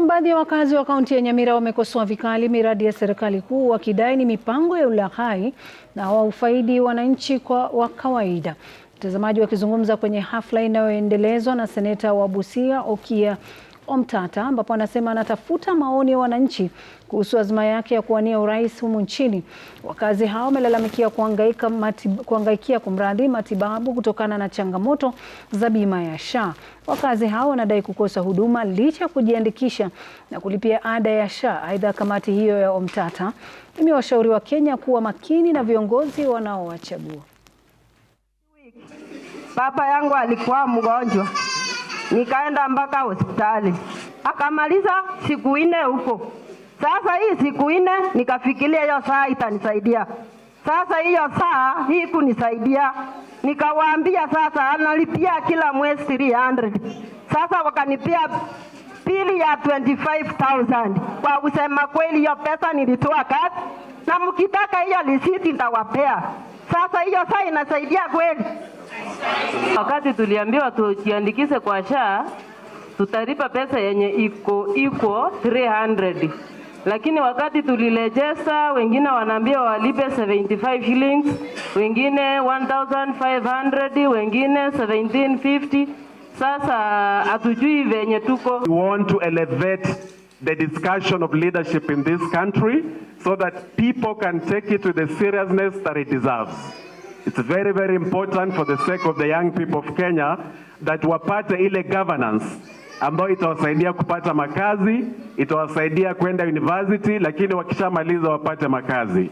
Na baadhi ya wakazi wa kaunti ya Nyamira wamekosoa vikali miradi ya serikali kuu wakidai ni mipango ya ulaghai na waufaidi wananchi kwa wa kawaida. Mtazamaji wakizungumza kwenye hafla inayoendelezwa na seneta wa Busia Okiya Omtata ambapo anasema anatafuta maoni ya wananchi kuhusu azma yake ya kuwania urais humu nchini. Wakazi hao wamelalamikia kuhangaika matib... kuhangaikia kumradhi matibabu kutokana na changamoto za bima ya SHA. Wakazi hao wanadai kukosa huduma licha ya kujiandikisha na kulipia ada ya SHA. Aidha, kamati hiyo ya Omtata imewashauri kenya kuwa makini na viongozi wanaowachagua. Baba yangu alikuwa mgonjwa nikaenda mpaka hospitali, akamaliza siku nne huko. Sasa hii siku nne nikafikiria hiyo saa itanisaidia. Sasa hiyo saa hii kunisaidia, nikawaambia sasa analipia kila mwezi 300. Sasa wakanipia bili ya 25000. Kwa kusema kweli, hiyo pesa nilitoa kazi, na mkitaka hiyo risiti nitawapea. Sasa hiyo saa inasaidia kweli. Wakati tuliambiwa tujiandikishe kwa SHA tutalipa pesa yenye iko iko 300 lakini wakati tulirejesta, wengine wanaambia walipe 75 shillings, wengine 1500, wengine 1750. Sasa hatujui venye tuko. We want to elevate the discussion of leadership in this country so that people can take it with the seriousness that it deserves. It's very, very important for the sake of the young people of Kenya that wapate ile governance ambayo itawasaidia kupata makazi, itawasaidia kwenda university, lakini wakishamaliza wapate makazi.